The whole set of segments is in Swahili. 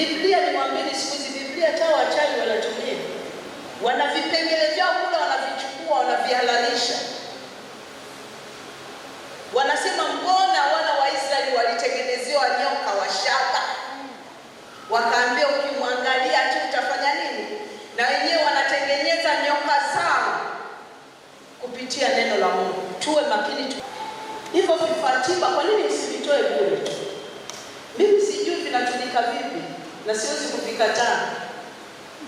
Biblia ni mwambili siku hizi, Biblia hata wachawi wanatumia, wana vipengele vyao kule, wanavichukua wanavihalalisha, wanasema mbona wana wa Israeli walitengenezewa nyoka wa shaba, wakaambia ukimwangalia tu utafanya nini? Na wenyewe wanatengeneza nyoka zao kupitia neno la Mungu. Tuwe makini tu. Hivyo vifaa tiba, kwa nini msivitoe bure? Mimi sijui vinatumika vipi na siwezi kuvikataa,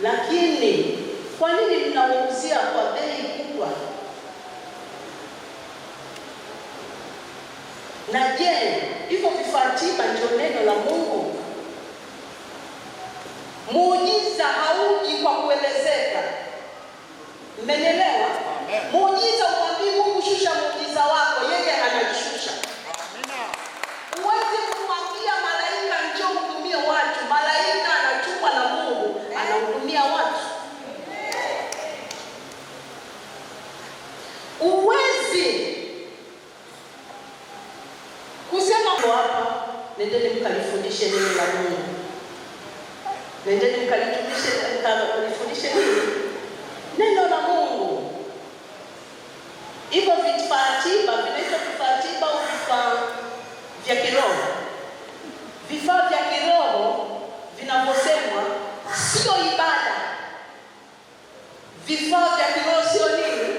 lakini kwa nini mnamuuzia kwa bei kubwa? Na je, hivyo vifaa tiba ndio neno la Mungu? nendeni mkalifundishe neno la Mungu, nendeni mkalifundishe nini? Neno la Mungu. Hivyo vifaa tiba vinaitwa vifaa tiba au vifaa vya kiroho. Vifaa vya kiroho vinavyosemwa sio ibada. Vifaa vya kiroho sio nini?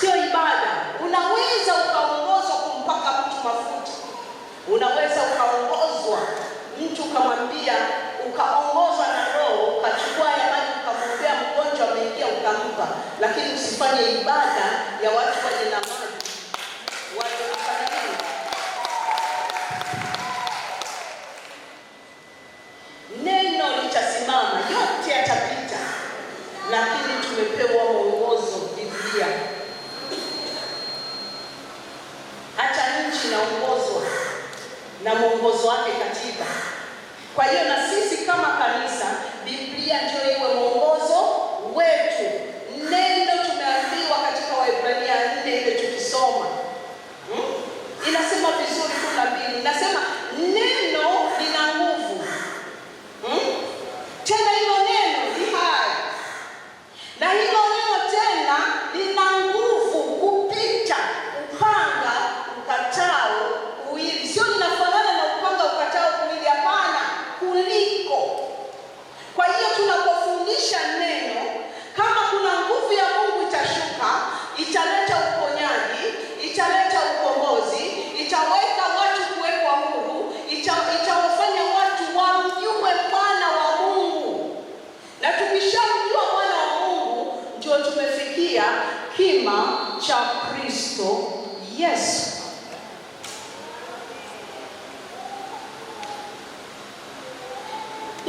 Sio ibada. Unaweza ukaongozwa kumpaka mtu mafuta, unaweza ukaongozwa, mtu ukamwambia, ukaongozwa na Roho, ukachukua ya maji, ukamwombea mgonjwa, ameingia, ukampa. Lakini usifanye ibada ya watu wenye na mwongozo wake katiba Kwa hiyo na sisi kama kanisa Biblia ndio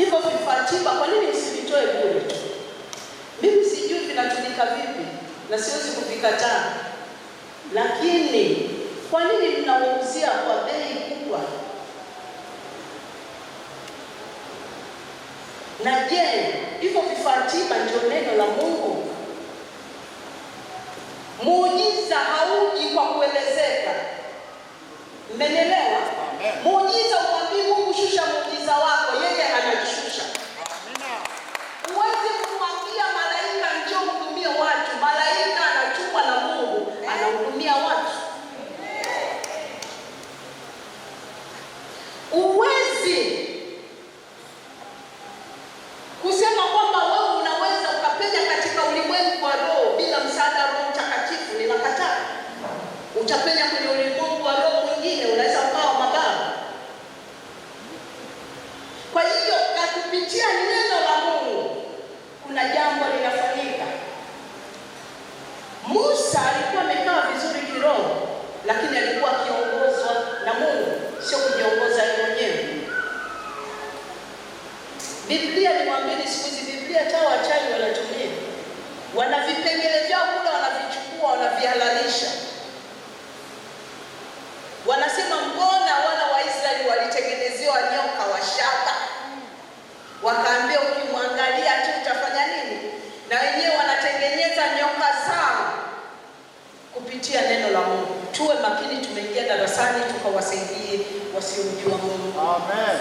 hivyo vifaa tiba, kwa nini msivitoe bure? Mimi sijui vinatumika vipi na siwezi kuvikataa, lakini kwa nini mnawauzia kwa bei kubwa? Na je, hivyo vifaa tiba ndio neno la Mungu? muujiza O que aprende a Wanasema mbona wana wa Israeli walitengenezewa nyoka wa shaba, wakaambia ukimwangalia tu utafanya nini? Na wenyewe wanatengeneza nyoka zao kupitia neno la Mungu. Tuwe makini, tumeingia darasani, tukawasaidie wasiomjua Mungu. Amen.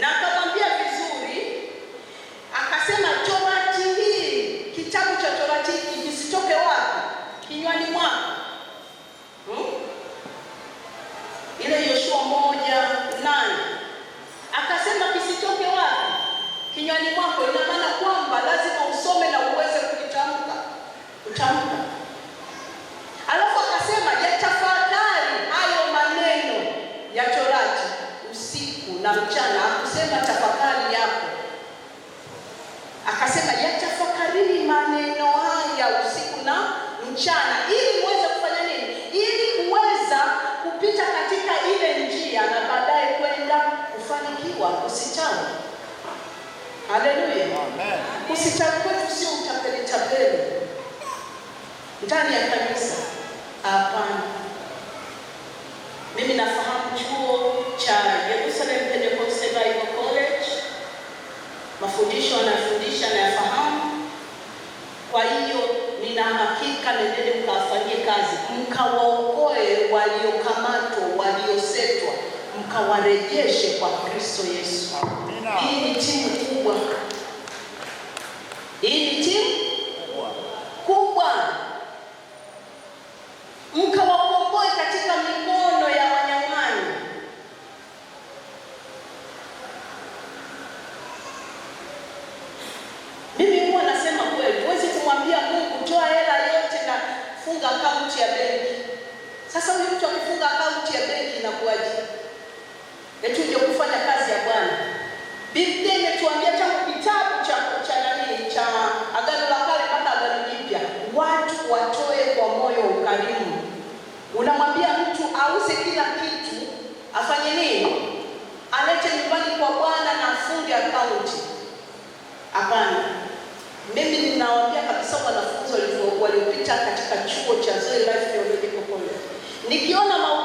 na akamwambia vizuri, akasema torati hii, kitabu cha torati hiki kisitoke wapi? Kinywani mwako. Hmm? Ile Yoshua moja nane akasema kisitoke wapi? Kinywani mwako. Ina maana kwamba lazima usome na uweze kulitamka, utamka Alafu akasema yatafadhali hayo maneno ya torati usiku na mchana akasema tafakari yako, akasema yatafakarini maneno haya usiku na mchana, ili uweze kufanya nini? Ili kuweza kupita katika ile njia na baadaye kwenda kufanikiwa, usichawi. Haleluya, amen. Usichawi kwetu sio utapeli tapeli ndani ya kanisa, hapana. Mimi nafahamu chuo mafundisho anayofundisha nayafahamu. Kwa hiyo nina hakika nendeni mkawafanyie kazi, mkawaokoe waliokamatwa, waliosetwa, mkawarejeshe kwa Kristo Yesu. Hii ni timu kubwa. Sasa huyu mtu akifunga akaunti ya benki inakuwaje? Eti uje kufanya kazi ya Bwana. Biblia imetuambia tangu kitabu cha cha nani cha Agano la Kale mpaka Agano Jipya, watu watoe kwa moyo ukarimu. Unamwambia mtu auze kila kitu, afanye nini? Alete nyumbani kwa Bwana na afunge akaunti? Hapana. Mimi ninawaambia kabisa wanafunzi waliopita katika chuo cha Zoe Life nikiona